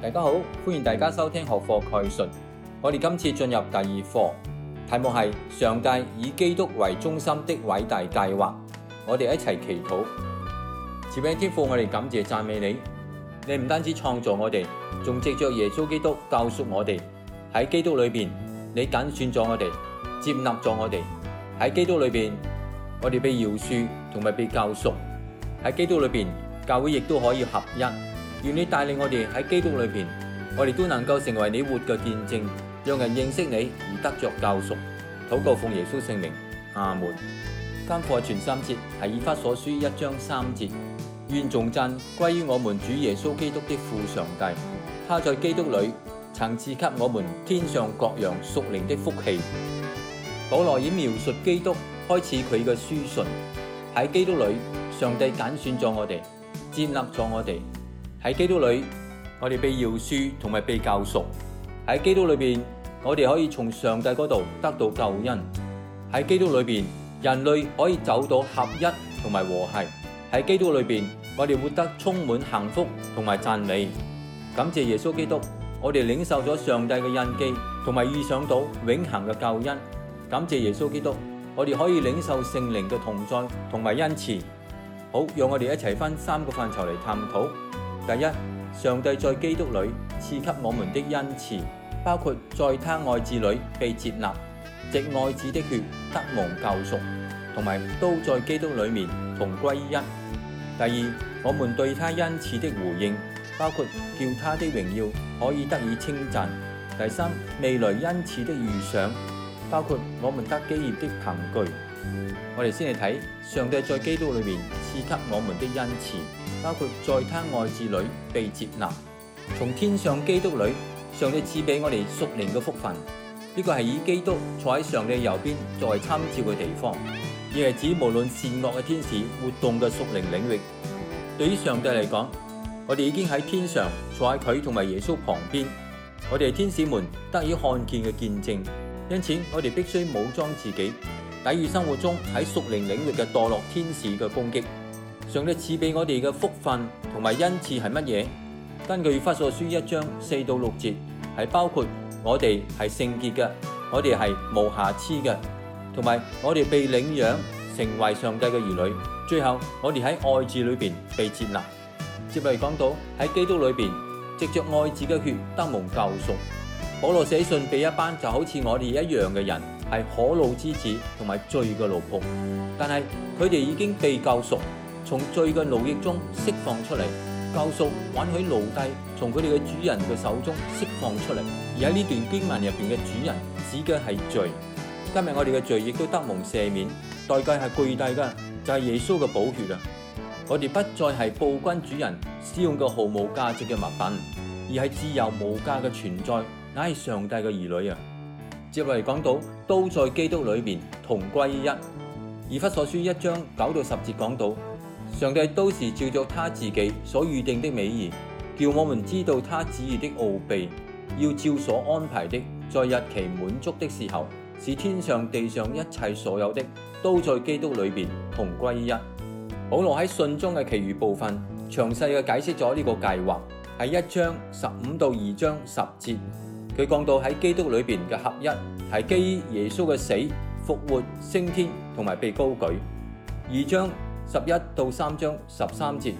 大家好，歡迎大家收聽學課概述。我哋今次進入第二課，題目係上帝以基督為中心的偉大計劃。我哋一齊祈禱。慈悲天父，我哋感謝讚美你。你唔單止創造我哋，仲借着耶穌基督救贖我哋。喺基督裏邊，你揀選咗我哋，接納咗我哋。喺基督裏邊，我哋被饒恕同埋被救贖。喺基督裏邊，教會亦都可以合一。願你帶領我哋喺基督裏邊，我哋都能夠成為你活嘅見證，讓人認識你而得着救贖。禱告奉耶穌聖名，阿門。今課全三節係以弗所書一章三節，願眾贊歸於我們主耶穌基督的父上帝，他在基督裏曾賜給我們天上各樣屬靈的福氣。保羅以描述基督開始佢嘅書信，喺基督裏，上帝揀選咗我哋，建立咗我哋。喺基督裏，我哋被饒恕同埋被救贖。喺基督裏邊，我哋可以從上帝嗰度得到救恩。喺基督裏邊，人類可以走到合一同埋和諧。喺基督裏邊，我哋活得充滿幸福同埋讚美。感謝耶穌基督，我哋領受咗上帝嘅印記，同埋預想到永恒嘅救恩。感謝耶穌基督，我哋可以領受聖靈嘅同在同埋恩賜。好，讓我哋一齊分三個範疇嚟探討。第一，上帝在基督裏賜給我們的恩賜，包括在他愛子裏被接納，藉愛子的血得蒙救贖，同埋都在基督裏面同歸一。第二，我們對他恩賜的回應，包括叫他的榮耀可以得以稱讚。第三，未來恩賜的預想，包括我們得基業的憑據。我哋先嚟睇上帝在基督裏面賜給我們的恩賜。包括在他愛子裏被接納，從天上基督裏，上帝賜俾我哋屬靈嘅福分。呢個係以基督坐喺上帝右邊作為參照嘅地方，而係指無論善惡嘅天使活動嘅屬靈領域。對於上帝嚟講，我哋已經喺天上坐喺佢同埋耶穌旁邊，我哋係天使們得以看見嘅見證。因此，我哋必須武裝自己，抵御生活中喺屬靈領域嘅墮落天使嘅攻擊。上帝賜俾我哋嘅福分同埋恩賜係乜嘢？根據《以弗所書》一章四到六節，係包括我哋係聖潔嘅，我哋係無瑕疵嘅，同埋我哋被領養成為上帝嘅兒女。最後我哋喺愛子裏邊被接納。接嚟講到喺基督裏邊藉着愛子嘅血得蒙救贖。保羅寫信俾一班就好似我哋一樣嘅人，係可怒之子同埋罪嘅奴僕，但係佢哋已經被救贖。從罪嘅奴役中釋放出嚟，救贖允許奴隸從佢哋嘅主人嘅手中釋放出嚟。而喺呢段經文入邊嘅主人指嘅係罪。今日我哋嘅罪亦都得蒙赦免，代價係巨大嘅，就係、是、耶穌嘅寶血啊！我哋不再係暴君主人使用嘅毫無價值嘅物品，而係自由無價嘅存在，乃係上帝嘅兒女啊！接落嚟講到，都在基督裏面同歸一。以弗所書一章九到十節講到。上帝都是照着他自己所預定的美意，叫我們知道他旨意的奧祕，要照所安排的，在日期滿足的時候，是天上地上一切所有的，都在基督裏邊同歸於一。保羅喺信中嘅其餘部分，詳細嘅解釋咗呢個計劃，係一章十五到二章十節，佢講到喺基督裏邊嘅合一，係基於耶穌嘅死、復活、升天同埋被高舉。二章。十一到三章十三節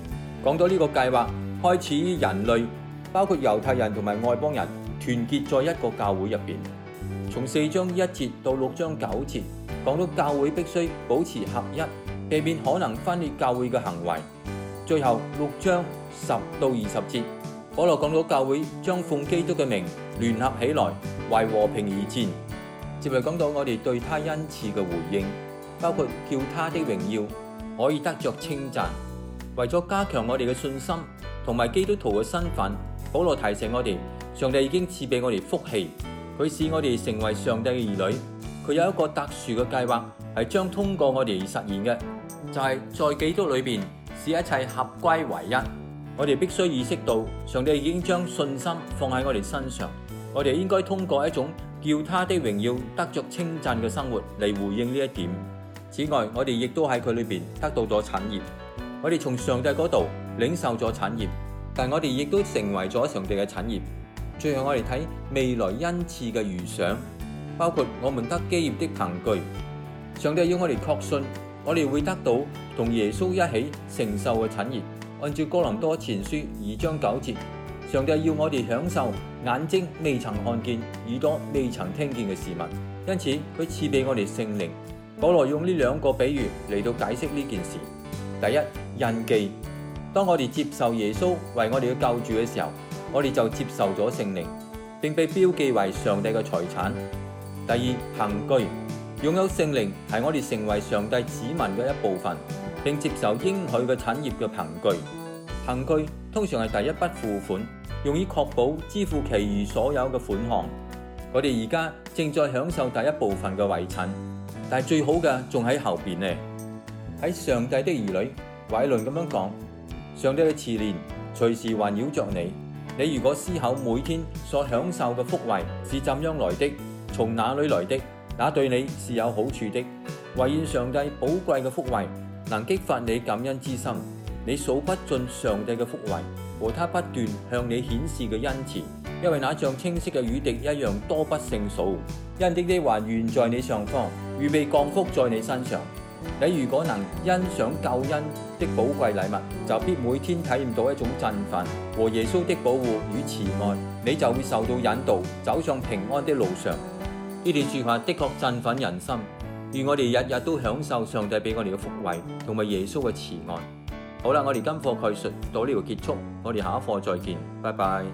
講到呢個計劃開始於人類，包括猶太人同埋外邦人團結在一個教會入邊。從四章一節到六章九節講到教會必須保持合一，避免可能分裂教會嘅行為。最後六章十到二十節保羅講到教會將奉基督嘅名聯合起來為和平而戰。結尾講到我哋對他恩賜嘅回應，包括叫他的榮耀。可以得着稱讚，為咗加強我哋嘅信心同埋基督徒嘅身份，保羅提醒我哋，上帝已經賜俾我哋福氣，佢使我哋成為上帝嘅兒女，佢有一個特殊嘅計劃係將通過我哋而實現嘅，就係、是、在基督裏邊使一切合歸為一。我哋必須意識到，上帝已經將信心放喺我哋身上，我哋應該通過一種叫他的榮耀得着稱讚嘅生活嚟回應呢一點。此外，我哋亦都喺佢裏邊得到咗產業。我哋從上帝嗰度領受咗產業，但我哋亦都成為咗上帝嘅產業。最後，我哋睇未來恩賜嘅預想，包括我們得基業的憑據。上帝要我哋確信，我哋會得到同耶穌一起承受嘅產業。按照哥林多前書二章九節，上帝要我哋享受眼睛未曾看見、耳朵未曾聽見嘅事物，因此佢賜俾我哋聖靈。保羅用呢兩個比喻嚟到解釋呢件事。第一，印記，當我哋接受耶穌為我哋嘅救主嘅時候，我哋就接受咗聖靈，並被標記為上帝嘅財產。第二，憑據，擁有聖靈係我哋成為上帝子民嘅一部分，並接受應許嘅產業嘅憑據。憑據通常係第一筆付款，用以確保支付其餘所有嘅款項。我哋而家正在享受第一部分嘅遺產。但最好嘅仲喺後面呢？喺上帝的兒女偉倫咁樣講，上帝嘅慈憐隨時環繞着你。你如果思考每天所享受嘅福惠是怎樣來的，從哪裏來的,那對你是有好處的。唯願上帝寶貴嘅福惠能激發你感恩之心，你數不盡上帝嘅福惠和他不斷向你顯示嘅恩賜。因為那像清晰嘅雨滴一樣多不勝數，因滴滴還懸在你上方，預備降福在你身上。你如果能欣賞救恩的寶貴禮物，就必每天體驗到一種振奮和耶穌的保護與慈愛。你就會受到引導，走上平安的路上。呢段說話的確振奮人心，願我哋日日都享受上帝俾我哋嘅福惠，同埋耶穌嘅慈愛。好啦，我哋今課概述到呢度結束，我哋下一課再見，拜拜。